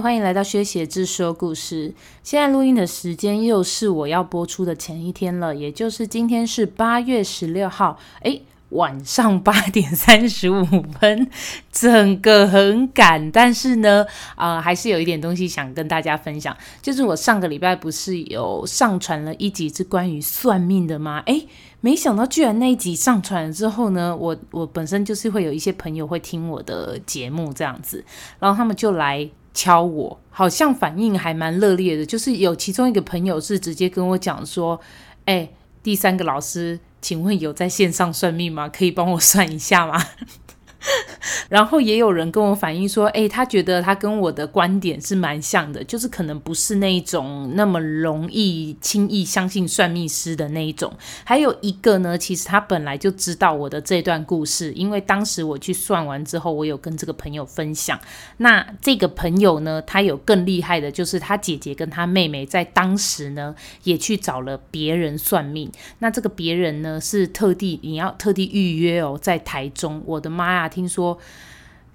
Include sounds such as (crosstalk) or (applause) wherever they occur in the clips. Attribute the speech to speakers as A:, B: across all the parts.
A: 歡迎來到薛協志說故事。現在錄音的時間又是我要播出的前一天了，也就是今天是八月十六號，哎，晚上八點三十五分，整個很趕，但是呢，啊、呃，還是有一點東西想跟大家分享，就是我上個禮拜不是有上傳了一集是關於算命的嗎？哎，沒想到居然那一集上傳了之後呢，我我本身就是會有一些朋友會聽我的節目這樣子，然後他們就來。敲我，好像反應還蠻熱烈的，就是有其中一個朋友是直接跟我講說：“哎，第三個老師，請問有在線上算命嗎？可以幫我算一下嗎？” (laughs) 然後也有人跟我反映說，誒，他覺得他跟我的觀點是蠻像的，就是可能不是那種那麼容易輕易相信算命師的那一種。還有一個呢，其實他本來就知道我的這段故事，因為當時我去算完之後，我有跟這個朋友分享。那這個朋友呢，他有更厲害的，就是他姐姐跟他妹妹在當時呢，也去找了別人算命。那這個別人呢，是特地你要特地預約哦，在台中。我的媽呀，聽說。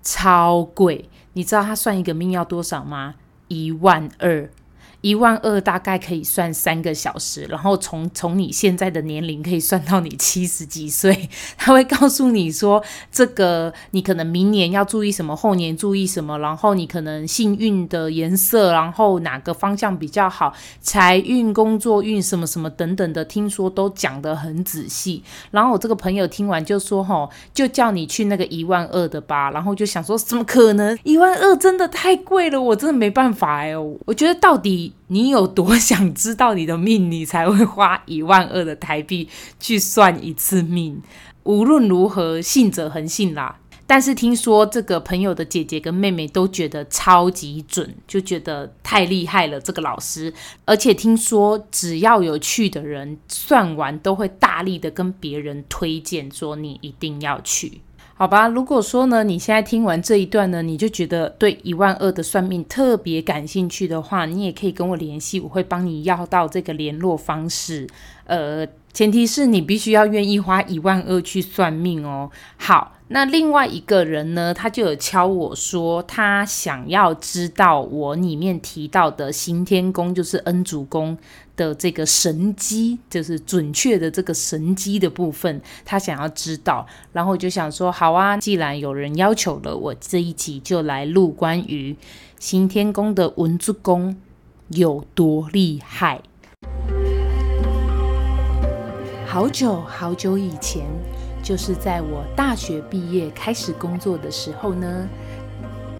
A: 超貴，你知道他算一個命要多少嗎？一萬二。一萬二大概可以算三個小時，然後從從你現在的年齡可以算到你七十幾歲，他會告訴你說這個你可能明年要注意什麼，後年注意什麼，然後你可能幸運的顏色，然後哪個方向比較好，財運、工作運什麼什麼等等的，聽說都講得很仔細。然後我這個朋友聽完就說：“吼、哦，就叫你去那個一萬二的吧。”然後就想說：“怎麼可能？一萬二真的太貴了，我真的沒辦法哎。”我覺得到底。你有多想知道你的命，你才會花一萬二的台幣去算一次命。無論如何，信者恆信啦。但是聽說這個朋友的姐姐跟妹妹都覺得超級準，就覺得太厲害了這個老師。而且聽說，只要有去的人算完，都會大力的跟別人推薦，說你一定要去。好吧，如果說呢，你現在聽完這一段呢，你就覺得對一萬二的算命特別感興趣的話，你也可以跟我聯繫，我會幫你要到這個聯絡方式。呃，前提是你必須要願意花一萬二去算命哦。好，那另外一個人呢，他就有敲我說，他想要知道我裡面提到的行天宮，就是恩主公的這個神機，就是準確的這個神機的部分，他想要知道。然後我就想說，好啊，既然有人要求了，我這一集就來錄關於行天宮的恩主公有多厲害。好久好久以前，就是在我大學畢業開始工作的時候呢，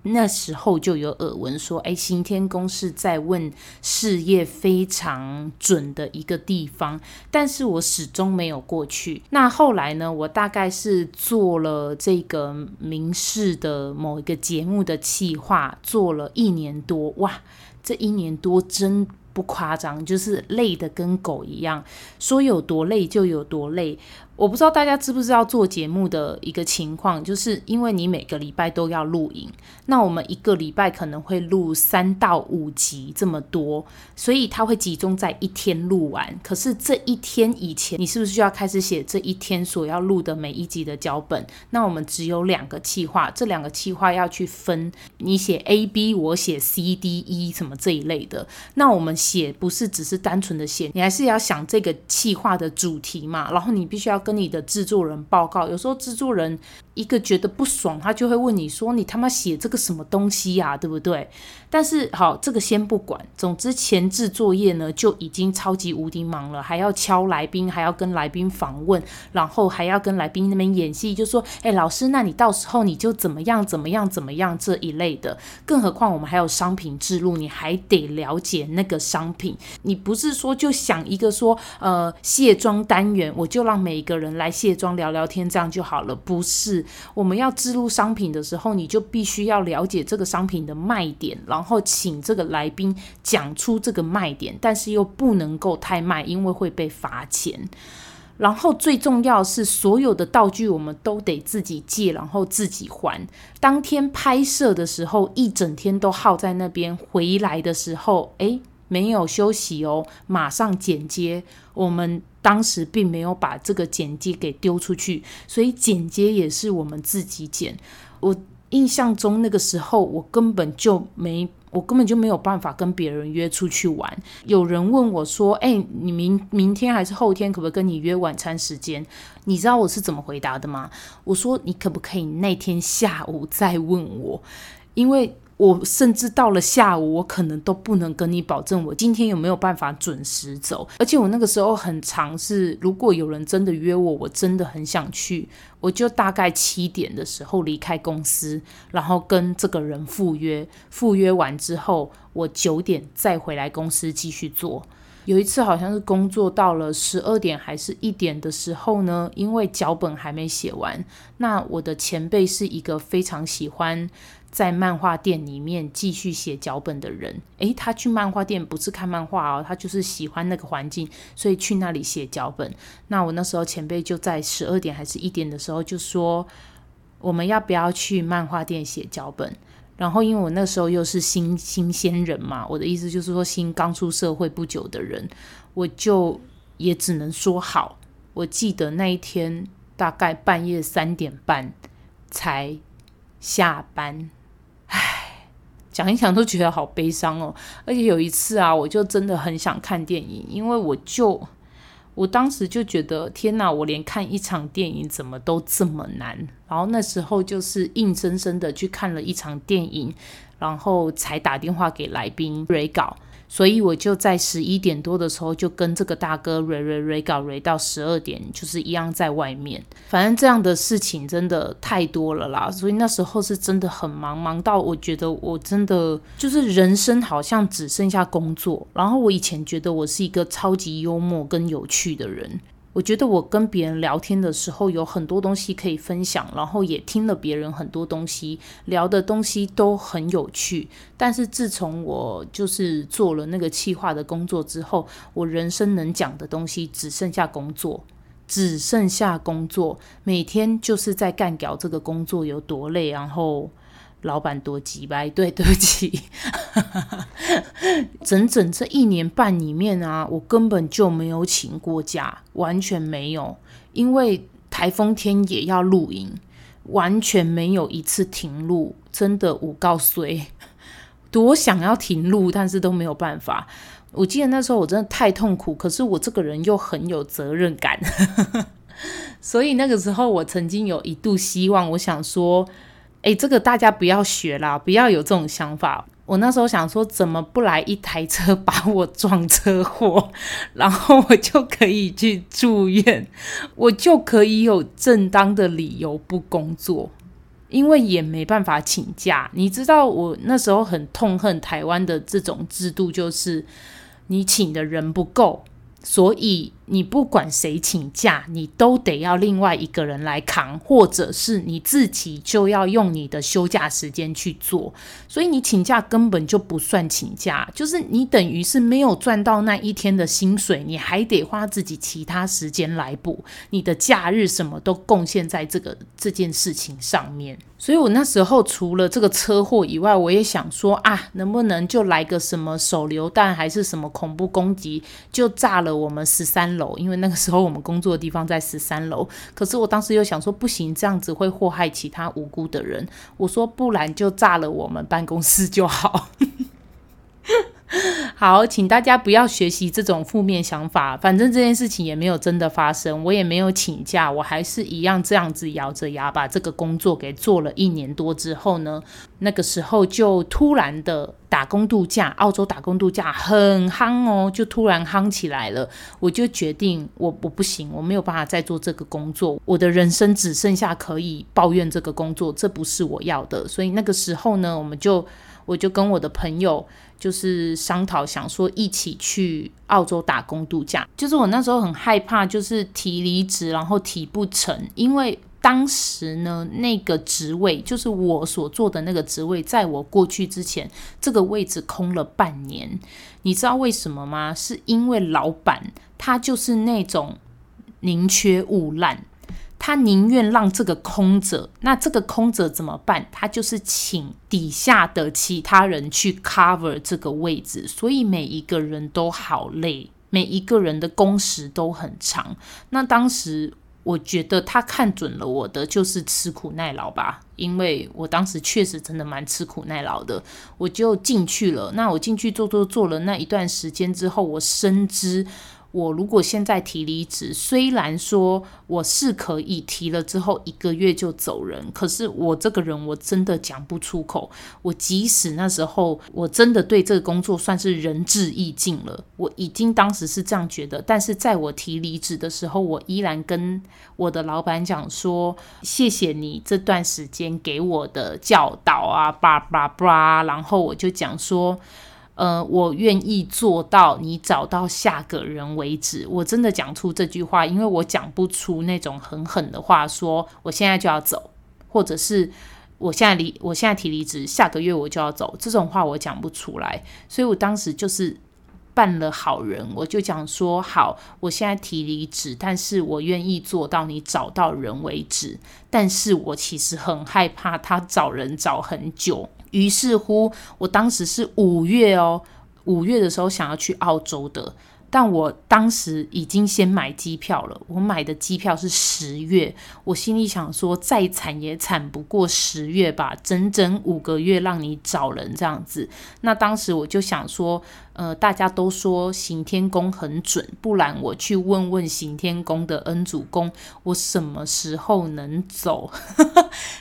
A: 那時候就有耳聞說，哎、欸，行天宮是在問事業非常準的一個地方，但是我始終沒有過去。那後來呢，我大概是做了這個民視的某一個節目的企劃，做了一年多，哇，這一年多真不誇張，就是累得跟狗一樣，說有多累就有多累。我不知道大家知不知道做節目的一個情況，就是因為你每個禮拜都要錄影，那我們一個禮拜可能會錄三到五集這麼多，所以它會集中在一天錄完。可是這一天以前，你是不是就要開始寫這一天所要錄的每一集的腳本？那我們只有兩個計劃，這兩個計劃要去分，你寫 A、B，我寫 C、D、E 什麼這一類的。那我們。寫不是只是單純的寫，你還是要想這個企劃的主題嘛，然後你必須要跟你的製作人報告。有時候製作人一個覺得不爽，他就會問你說：“你他媽寫這個什麼東西呀、啊，對不對？”但是好，這個先不管。總之前置作業呢，就已經超級無敵忙了，還要敲來賓，還要跟來賓訪問，然後還要跟來賓那邊演戲，就說：“哎，老師，那你到時候你就怎麼樣，怎麼樣，怎麼樣這一類的。”更何況我們還有商品置入，你還得了解那個。商品，你不是說就想一個說呃卸妝單元，我就讓每個人來卸妝聊聊天，這樣就好了？不是，我們要置入商品的時候，你就必須要了解這個商品的賣點，然後請這個來賓講出這個賣點，但是又不能夠太賣，因為會被罰錢。然後最重要是，所有的道具我們都得自己借，然後自己還。當天拍攝的時候，一整天都耗在那邊，回來的時候，哎。沒有休息哦，馬上剪接。我們當時並沒有把這個剪輯給丟出去，所以剪接也是我們自己剪。我印象中那個時候，我根本就沒，我根本就沒有辦法跟別人約出去玩。有人問我說：“哎、欸，你明明天還是後天，可不可以跟你約晚餐時間？”你知道我是怎麼回答的嗎？我說：“你可不可以那天下午再問我？”因為我甚至到了下午，我可能都不能跟你保證我今天有沒有辦法準時走。而且我那個時候很常是，如果有人真的約我，我真的很想去，我就大概七點的時候離開公司，然後跟這個人赴約。赴約完之後，我九點再回來公司繼續做。有一次好像是工作到了十二點還是一點的時候呢，因為腳本還沒寫完。那我的前輩是一個非常喜歡在漫畫店裡面繼續寫腳本的人，誒，他去漫畫店不是看漫畫哦，他就是喜歡那個環境，所以去那裡寫腳本。那我那時候前輩就在十二點還是一點的時候就說，我們要不要去漫畫店寫腳本？然後因為我那時候又是新新鮮人嘛，我的意思就是說新剛出社會不久的人，我就也只能說好。我記得那一天大概半夜三點半才下班。講一講都覺得好悲傷哦，而且有一次啊，我就真的很想看電影，因為我就我當時就覺得天哪，我連看一場電影怎麼都這麼難。然後那時候就是硬生生的去看了一場電影，然後才打電話給來賓追稿。所以我就在十一點多的時候就跟這個大哥瑞瑞瑞搞瑞到十二點，就是一樣在外面。反正這樣的事情真的太多了啦，所以那時候是真的很忙，忙到我覺得我真的就是人生好像只剩下工作。然後我以前覺得我是一個超級幽默跟有趣的人。我覺得我跟別人聊天的時候有很多東西可以分享，然後也聽了別人很多東西，聊的東西都很有趣。但是自從我就是做了那個企劃的工作之後，我人生能講的東西只剩下工作，只剩下工作，每天就是在幹掉這個工作有多累，然後。老闆多急吧。對，對不起。 (laughs) 整整這一年半裡面啊，我根本就沒有請過假，完全沒有，因為颱風天也要錄音，完全沒有一次停錄。真的，我告訴你，多想要停錄，但是都沒有辦法。我記得那時候我真的太痛苦，可是我這個人又很有責任感， (laughs) 所以那個時候我曾經有一度希望，我想說。哎、欸，這個大家不要學啦，不要有這種想法。我那時候想說，怎麼不來一台車把我撞車禍，然後我就可以去住院，我就可以有正當的理由不工作，因為也沒辦法請假。你知道，我那時候很痛恨台灣的這種制度，就是你請的人不夠，所以。你不管誰請假，你都得要另外一個人來扛，或者是你自己就要用你的休假時間去做。所以你請假根本就不算請假，就是你等於是沒有賺到那一天的薪水，你還得花自己其他時間來補。你的假日什麼都貢獻在這個這件事情上面。所以我那時候除了這個車禍以外，我也想說啊，能不能就來個什麼手榴彈還是什麼恐怖攻擊，就炸了我們十三樓，因為那個時候我們工作的地方在十三樓，可是我當時又想說，不行，這樣子會禍害其他無辜的人。我說，不然就炸了我們辦公室就好。 (laughs) 好，請大家不要學習這種負面想法。反正這件事情也沒有真的發生，我也沒有請假，我還是一樣這樣子咬着牙把這個工作給做了一年多之後呢，那個時候就突然的打工度假，澳洲打工度假很夯哦，就突然夯起來了。我就決定，我我不行，我沒有辦法再做這個工作，我的人生只剩下可以抱怨這個工作，這不是我要的。所以那個時候呢，我們就。我就跟我的朋友就是商討，想說一起去澳洲打工度假。就是我那時候很害怕，就是提離職然後提不成，因為當時呢，那個職位就是我所做的那個職位，在我過去之前這個位置空了半年，你知道為什麼嗎？是因為老闆他就是那種寧缺毋濫。他寧願讓這個空着，那這個空着怎麼辦？他就是請底下的其他人去 cover 這個位置，所以每一個人都好累，每一個人的工時都很長。那當時我覺得他看準了我的就是吃苦耐勞吧，因為我當時確實真的蠻吃苦耐勞的，我就進去了。那我進去做做做了那一段時間之後，我深知。我如果現在提離職，雖然說我是可以提了之後一個月就走人，可是我這個人我真的講不出口。我即使那時候我真的對這個工作算是仁至義盡了，我已經當時是這樣覺得。但是在我提離職的時候，我依然跟我的老闆講說：“謝謝你這段時間給我的教導啊，巴拉巴拉”，然後我就講說。呃，我願意做到你找到下個人為止。我真的講出這句話，因為我講不出那種很狠的話，說我現在就要走，或者是我現在離，我現在提離職，下個月我就要走，這種話我講不出來。所以我當時就是扮了好人，我就講說好，我現在提離職，但是我願意做到你找到人為止。但是我其實很害怕他找人找很久。於是乎，我當時是五月哦，五月的時候想要去澳洲的，但我當時已經先買機票了。我買的機票是十月，我心裡想說，再慘也慘不過十月吧，整整五個月讓你找人這樣子。那當時我就想說。呃，大家都說行天宮很準，不然我去問問行天宮的恩主公，我什麼時候能走？ (laughs)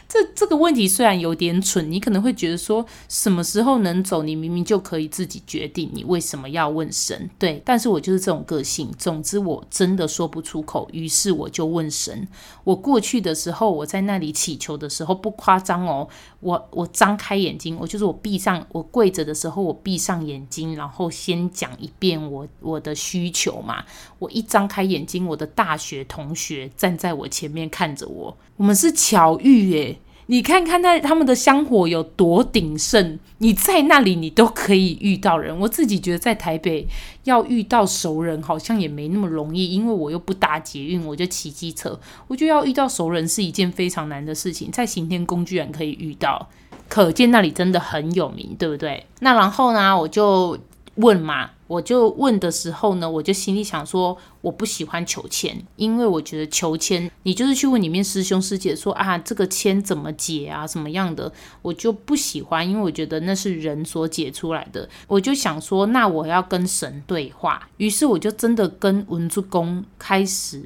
A: 這這個問題雖然有點蠢，你可能會覺得說什麼時候能走，你明明就可以自己決定，你為什麼要問神？對，但是我就是這種個性。總之，我真的說不出口，於是我就問神。我過去的時候，我在那裡祈求的時候，不誇張哦，我我張開眼睛，我就是我閉上，我跪着的時候，我閉上眼睛，然後。後先講一遍我我的需求嘛。我一張開眼睛，我的大學同學站在我前面看着我。我們是巧遇哎，欸！你看看那他們的香火有多鼎盛，你在那裡你都可以遇到人。我自己覺得在台北要遇到熟人好像也沒那麼容易，因為我又不搭捷運，我就騎機車，我就要遇到熟人是一件非常難的事情。在行天宮居然可以遇到，可見那裡真的很有名，對不對？那然後呢，我就。問嘛，我就問的時候呢，我就心裡想說，我不喜歡求籤，因為我覺得求籤，你就是去問裡面師兄師姐說啊，這個籤怎麼解啊，什麼樣的，我就不喜歡，因為我覺得那是人所解出來的。我就想說，那我要跟神對話，於是我就真的跟恩主公開始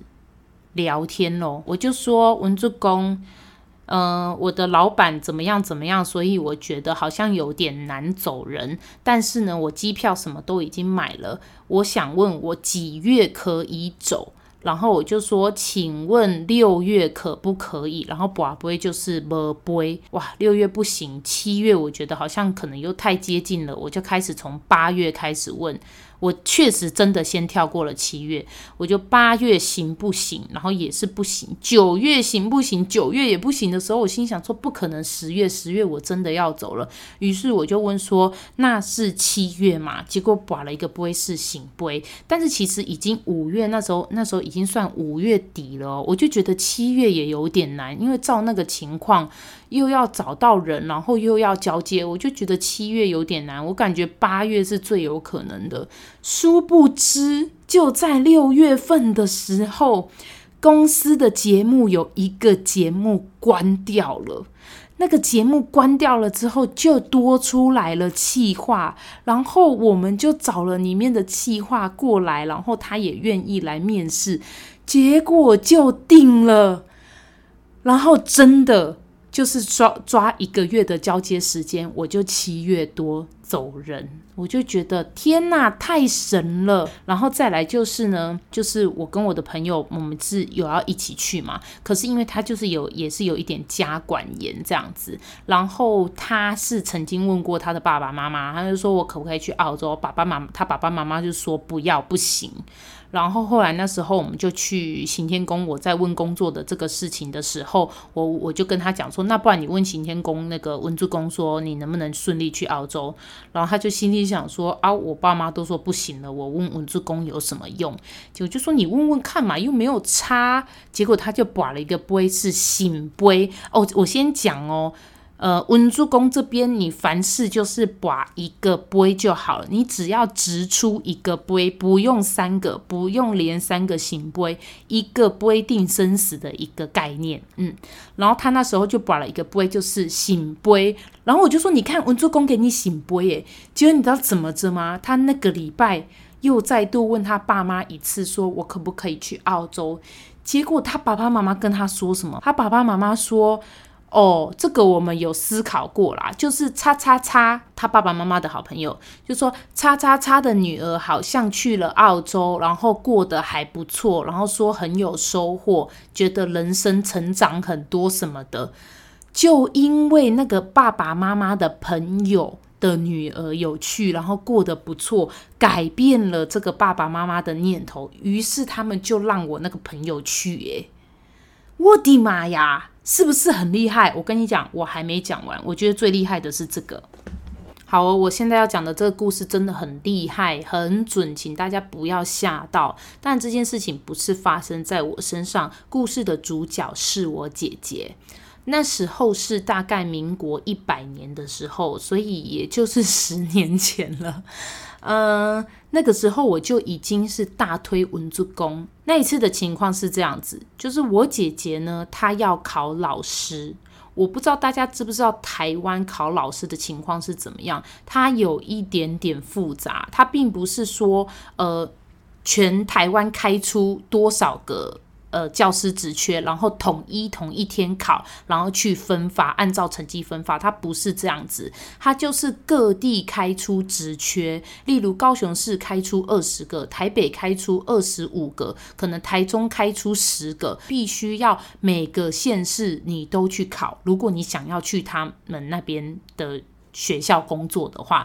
A: 聊天咯。我就說，恩主公。嗯、呃，我的老闆怎麼樣？怎麼樣？所以我覺得好像有點難走人。但是呢，我機票什麼都已經買了。我想問我幾月可以走？然後我就說，請問六月可不可以？然後不啊，不會就是不不。哇，六月不行，七月我覺得好像可能又太接近了。我就開始從八月開始問。我確實真的先跳過了七月，我就八月行不行？然後也是不行。九月行不行？九月也不行的時候，我心想說不可能。十月，十月我真的要走了。於是我就問說，那是七月嘛？結果跋了一個杯，是聖杯？但是其實已經五月那時候，那時候已經算五月底了哦。我就覺得七月也有點難，因為照那個情況，又要找到人，然後又要交接，我就覺得七月有點難。我感覺八月是最有可能的。殊不知，就在六月份的時候，公司的節目有一個節目關掉了。那個節目關掉了之後，就多出來了企劃，然後我們就找了裡面的企劃過來，然後他也願意來面試，結果就定了。然後真的就是抓抓一個月的交接時間，我就七月多走人。我就覺得天哪，太神了！然後再來就是呢，就是我跟我的朋友，我們是有要一起去嘛。可是因為他就是有也是有一點家管嚴這樣子，然後他是曾經問過他的爸爸媽媽，他就說我可不可以去澳洲？爸爸媽他爸爸媽媽就說不要不行。然後後來那時候我們就去行天宮，我在問工作的這個事情的時候，我我就跟他講說，那不然你問行天宮那個恩主公說你能不能順利去澳洲？然後他就心裡。就想說啊，我爸媽都說不行了，我問恩主公有什麼用？就就說你問問看嘛，又沒有差。結果他就把了一個杯是醒杯哦，我先講哦。呃，恩主公這邊，你凡事就是把一個杯就好了，你只要擲出一個杯，不用三個，不用連三個聖杯，一個杯定生死的一個概念，嗯。然後他那時候就把了一個杯，就是聖杯。然後我就說，你看恩主公給你聖杯耶！結果你知道怎麼着嗎？他那個禮拜又再度問他爸媽一次，說我可不可以去澳洲？結果他爸爸媽媽跟他說什麼？他爸爸媽媽說。哦，這個我們有思考過啦，就是叉叉叉，他爸爸媽媽的好朋友就說叉叉叉的女兒好像去了澳洲，然後過得還不錯，然後說很有收穫，覺得人生成長很多什麼的。就因為那個爸爸媽媽的朋友的女兒有去，然後過得不錯，改變了這個爸爸媽媽的念頭，於是他們就讓我那個朋友去，欸。哎，我的媽呀！是不是很厲害？我跟你講，我還沒講完。我覺得最厲害的是這個。好哦，我現在要講的這個故事真的很厲害，很準，請大家不要嚇到。但這件事情不是發生在我身上，故事的主角是我姐姐。那時候是大概民國一百年的時候，所以也就是十年前了。嗯、呃，那個時候我就已經是大推恩主公，那一次的情況是這樣子，就是我姐姐呢，她要考老師。我不知道大家知不知道台灣考老師的情況是怎麼樣？它有一點點複雜，它並不是說呃，全台灣開出多少個。呃，教師職缺，然後統一同一天考，然後去分發，按照成績分發。它不是這樣子，它就是各地開出職缺。例如高雄市開出二十個，台北開出二十五個，可能台中開出十個。必須要每個縣市你都去考，如果你想要去他們那邊的學校工作的話。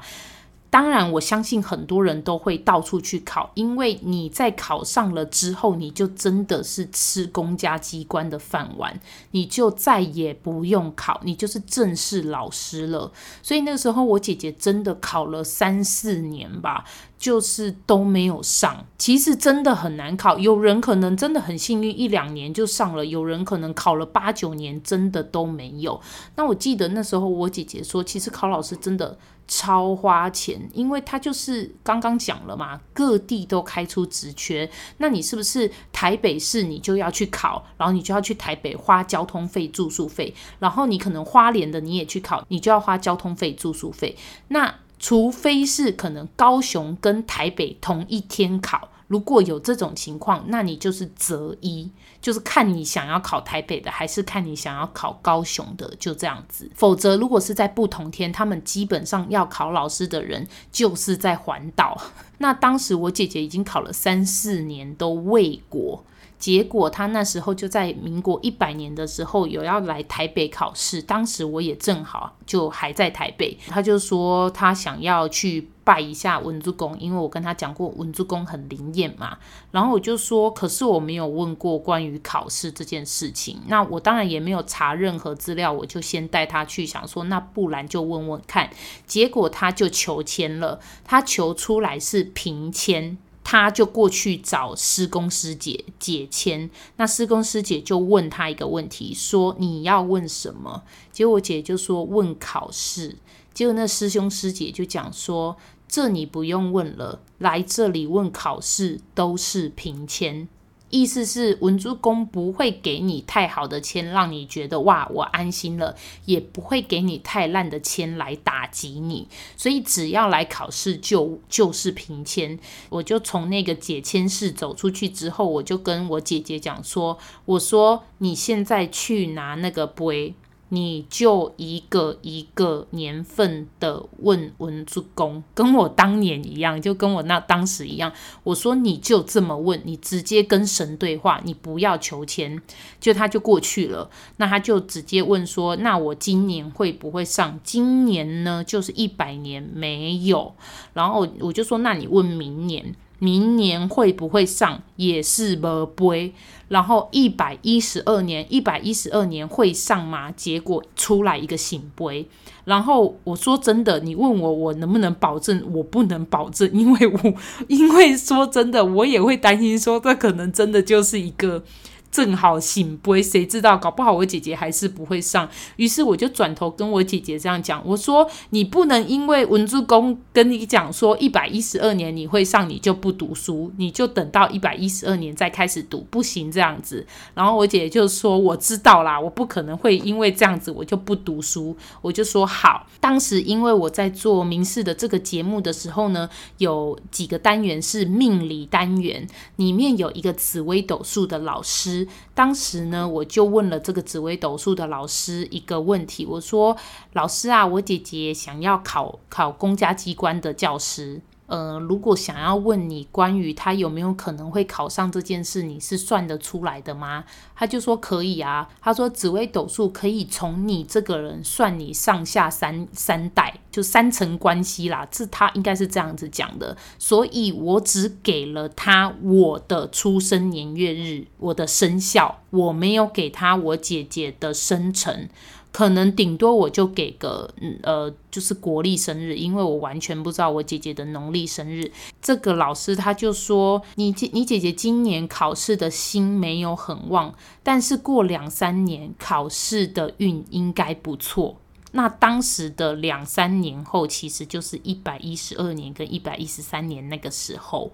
A: 當然，我相信很多人都會到處去考，因為你在考上了之後，你就真的是吃公家機關的飯碗，你就再也不用考，你就是正式老師了。所以那個時候，我姐姐真的考了三四年吧，就是都沒有上。其實真的很難考，有人可能真的很幸運，一兩年就上了；有人可能考了八九年，真的都沒有。那我記得那時候我姐姐說，其實考老師真的超花錢，因為他就是剛剛講了嘛，各地都開出職缺，那你是不是台北市你就要去考，然後你就要去台北花交通費、住宿費，然後你可能花蓮的你也去考，你就要花交通費、住宿費。那除非是可能高雄跟台北同一天考，如果有這種情況，那你就是擇一。就是看你想要考台北的，還是看你想要考高雄的，就這樣子。否則，如果是在不同天，他們基本上要考老師的人就是在環島。那當時我姐姐已經考了三四年都未果，結果她那時候就在民國一百年的時候有要來台北考試，當時我也正好就還在台北，她就說她想要去拜一下恩主公，因為我跟她講過恩主公很靈驗嘛，然後我就說，可是我沒有問過關於考試這件事情，那我當然也沒有查任何資料，我就先帶她去想說，那不然就問問看，結果她就求籤了，她求出來是。平籤，他就過去找師公師姐解籤。那師公師姐就問他一個問題，說你要問什麼？結果我姐就說問考試。結果那師兄師姐就講說，這你不用問了，來這裡問考試都是平籤。意思是恩主公不會給你太好的籤，讓你覺得哇，我安心了，也不會給你太爛的籤來打擊你，所以只要來考試就就是平籤。我就從那個解籤室走出去之後，我就跟我姐姐講說，我說你現在去拿那個杯。你就一個一個年份的問恩主公，跟我當年一樣，就跟我那當時一樣。我說你就這麼問，你直接跟神對話，你不要求籤，就他就過去了。那他就直接問說：“那我今年會不會上？今年呢，就是一百年沒有。”然後我就說：“那你問明年。”明年會不會上，也是沒杯，然後一百一十二年，一百一十二年會上嗎？結果出來一個聖杯。然後我說真的，你問我，我能不能保證？我不能保證，因為我因為說真的，我也會擔心，說這可能真的就是一個。正好醒不，誰知道？搞不好我姐姐還是不會上。於是我就轉頭跟我姐姐這樣講：“我說你不能因為恩主公跟你講說一百一十二年你會上，你就不讀書，你就等到一百一十二年再開始讀，不行這樣子。”然後我姐姐就說：“我知道啦，我不可能會因為這樣子我就不讀書。”我就說：“好。”當時因為我在做民視的這個節目的時候呢，有幾個單元是命理單元，裡面有一個紫微斗數的老師。當時呢，我就問了這個紫微斗數的老師一個問題，我說：“老師啊，我姐姐想要考考公家機關的教師。”呃，如果想要問你關於他有沒有可能會考上這件事，你是算得出來的嗎？他就說可以啊。他說紫微斗數可以從你這個人算你上下三三代，就三層關係啦。這他應該是這樣子講的。所以我只給了他我的出生年月日，我的生肖，我沒有給他我姐姐的生辰。可能頂多我就給個，嗯，呃，就是國歷生日，因為我完全不知道我姐姐的農曆生日。這個老師他就說，你姐你姐姐今年考試的心沒有很旺，但是過兩三年考試的運應該不錯。那當時的兩三年後，其實就是一百一十二年跟一百一十三年那個時候。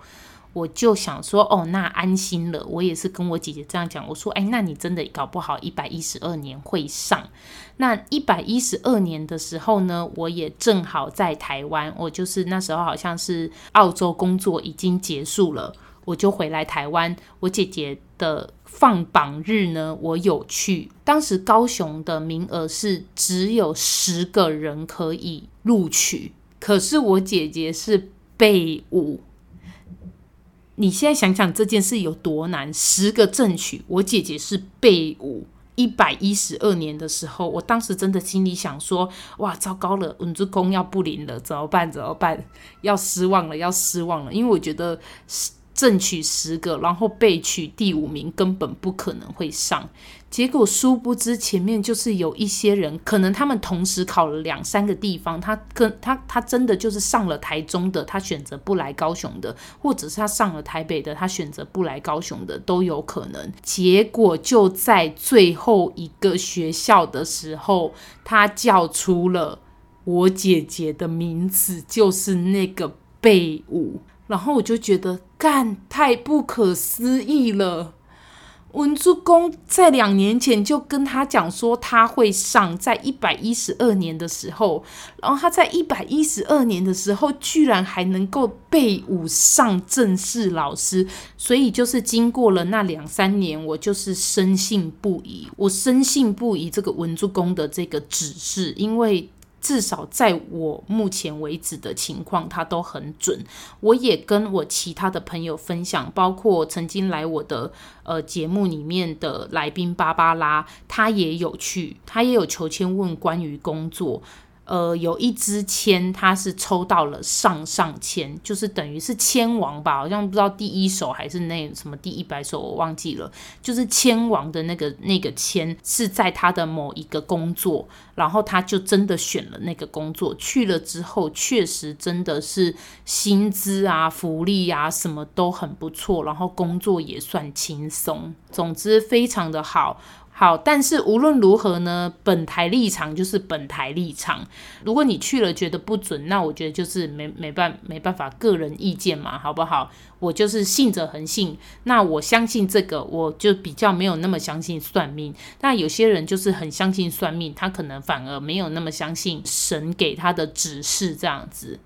A: 我就想說，哦，那安心了。我也是跟我姐姐這樣講，我說，哎，那你真的搞不好一百一十二年會上。那一百一十二年的時候呢，我也正好在台灣。我就是那時候好像是澳洲工作已經結束了，我就回來台灣。我姐姐的放榜日呢，我有去。當時高雄的名額是只有十個人可以錄取，可是我姐姐是被五。你現在想想這件事有多難，十個正取，我姐姐是備五一百一十二年的時候，我當時真的心裡想說，哇，糟糕了，恩主公要不靈了，怎麼辦？怎麼辦？要失望了，要失望了，因為我覺得是正取十個，然後備取第五名根本不可能會上。結果殊不知，前面就是有一些人，可能他們同時考了兩三個地方，他跟他他真的就是上了台中的，他選擇不來高雄的，或者是他上了台北的，他選擇不來高雄的都有可能。結果就在最後一個學校的時候，他叫出了我姐姐的名字，就是那個備五，然後我就覺得幹太不可思議了。文珠公在兩年前就跟他講說，他會上在一百一十二年的時候，然後他在一百一十二年的時候，居然還能夠被補上正式老師，所以就是經過了那兩三年，我就是深信不疑。我深信不疑這個文珠公的這個指示，因為。至少在我目前為止的情況，它都很準。我也跟我其他的朋友分享，包括曾經來我的呃節目裡面的來賓芭芭拉，她也有去，她也有求籤問關於工作。呃，有一支籤，他是抽到了上上籤，就是等於是籤王吧，好像不知道第一首還是那什麼第一百首，我忘記了。就是籤王的那個那個籤是在他的某一個工作，然後他就真的選了那個工作，去了之後，確實真的是薪資啊、福利啊什麼都很不錯，然後工作也算輕鬆，總之非常的好。好，但是無論如何呢，本台立場就是本台立場。如果你去了覺得不準，那我覺得就是沒沒辦沒辦法，個人意見嘛，好不好？我就是信者恆信，那我相信這個，我就比較沒有那麼相信算命。那有些人就是很相信算命，他可能反而沒有那麼相信神給他的指示這樣子。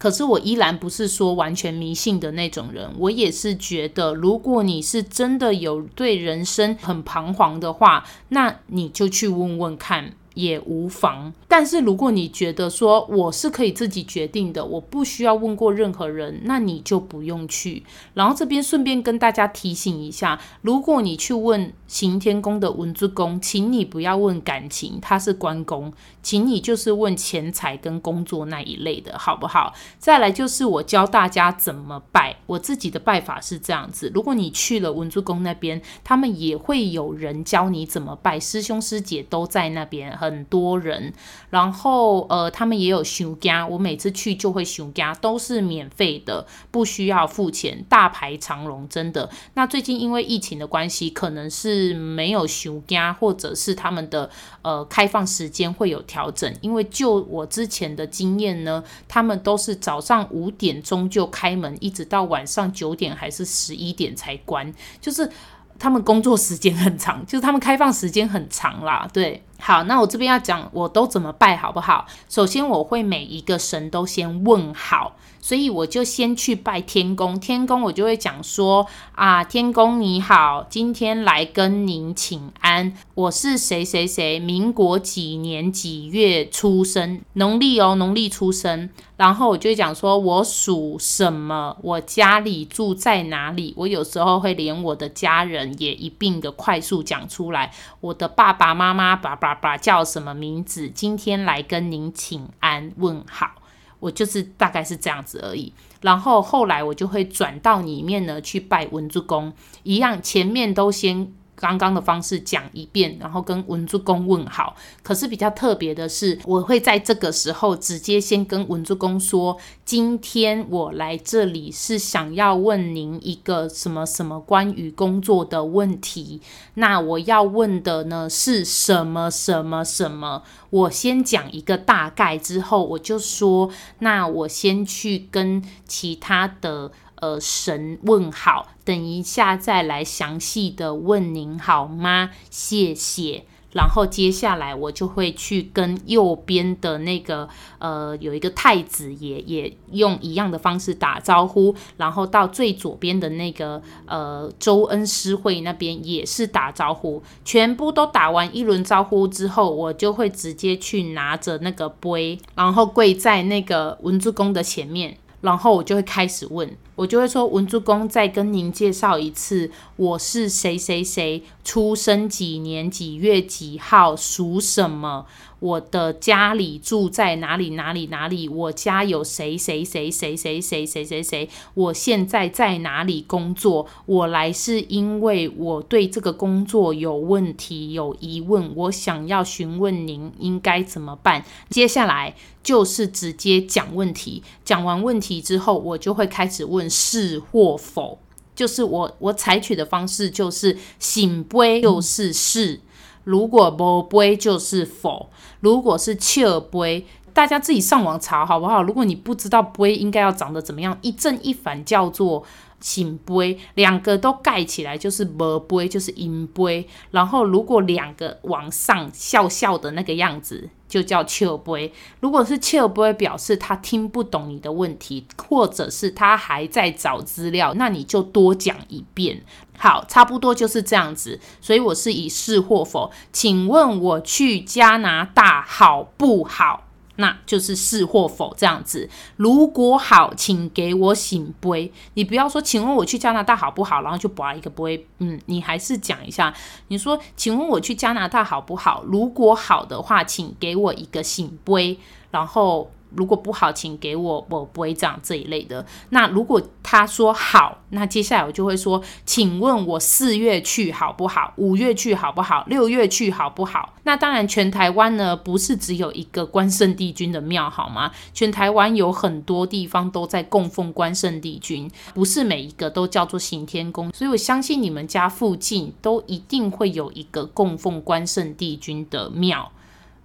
A: 可是我依然不是說完全迷信的那種人，我也是覺得，如果你是真的有對人生很彷徨的話，那你就去問問看。也無妨，但是如果你覺得說我是可以自己決定的，我不需要問過任何人，那你就不用去。然後這邊順便跟大家提醒一下，如果你去問行天宮的文珠宮，請你不要問感情，他是關公，請你就是問錢財跟工作那一類的，好不好？再來就是我教大家怎麼拜，我自己的拜法是這樣子。如果你去了文珠宮那邊，他們也會有人教你怎麼拜，師兄師姐都在那邊。很多人，然後呃、他們也有收驚，我每次去就會收驚，都是免費的，不需要付錢。大排長龍，真的。那最近因為疫情的關係，可能是沒有收驚，或者是他們的呃、開放時間會有調整。因為就我之前的經驗呢，他們都是早上五點鐘就開門，一直到晚上九點還是十一點才關，就是他們工作時間很長，就是他們開放時間很長啦，對。好，那我這邊要講，我都怎麼拜，好不好？首先，我會每一個神都先問好。所以我就先去拜天公，天公我就會講說啊，天公你好，今天來跟您請安，我是誰誰誰，民國幾年幾月出生，農曆哦農曆出生，然後我就會講說我屬什麼，我家里住在哪裡，我有時候會連我的家人也一併的快速講出來，我的爸爸媽媽爸爸爸叫什麼名字，今天來跟您請安問好。我就是大概是這樣子而已，然後後來我就會轉到裡面呢去拜文殊公，一樣前面都先剛剛的方式講一遍，然後跟文殊公問好。可是比較特別的是，我會在這個時候直接先跟文殊公說。今天我來這裡是想要問您一個什麼什麼關於工作的問題。那我要問的呢，是什麼什麼什麼？我先講一個大概之後，我就說，那我先去跟其他的呃神問好，等一下再來詳細的問您，好嗎？謝謝。然後接下來我就會去跟右邊的那個呃，有一個太子爺，也用一樣的方式打招呼，然後到最左邊的那個呃周恩師會那邊也是打招呼，全部都打完一輪招呼之後，我就會直接去拿着那個杯，然後跪在那個文字公的前面，然後我就會開始問。我就會說，恩主公再跟您介紹一次，我是誰誰誰，出生幾年幾月幾號，屬什麼，我的家裡住在哪裡哪裡哪裡，我家有誰誰誰誰誰誰誰誰誰，我現在在哪裡工作，我來是因為我對這個工作有問題有疑問，我想要詢問您應該怎麼辦。接下來就是直接講問題，講完問題之後，我就會開始問。是或否，就是我我採取的方式就是聖杯就是是，如果沒杯就是否，如果是切杯，大家自己上網查好不好？如果你不知道杯應該要長得怎麼樣，一正一反叫做聖杯，兩個都蓋起來就是沒杯，就是陰杯，然後如果兩個往上笑笑的那個樣子。就叫笑杯如果是笑杯表示他聽不懂你的問題，或者是他還在找資料，那你就多講一遍。好，差不多就是這樣子。所以我是以是或否，請問我去加拿大好不好？那就是是或否這樣子。如果好，請給我聖杯。你不要說，請問我去加拿大好不好？然後就撥一個杯。嗯，你還是講一下。你說，請問我去加拿大好不好？如果好的話，請給我一個聖杯。然後。如果不好，請給我，我不會講這，這一類的。那如果他說好，那接下來我就會說，請問我四月去好不好？五月去好不好？六月去好不好？那當然，全台灣呢，不是只有一個關聖帝君的廟，好嗎？全台灣有很多地方都在供奉關聖帝君，不是每一個都叫做行天宮，所以我相信你們家附近都一定會有一個供奉關聖帝君的廟。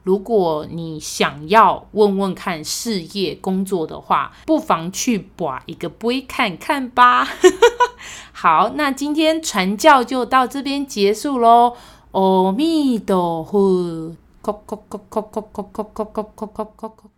A: 如果你想要問問看事業工作的話，不妨去博一個杯看看吧。 (laughs) 好，那今天傳教就到這邊結束嘍。阿彌陀佛，磕磕磕磕磕磕磕磕磕磕磕。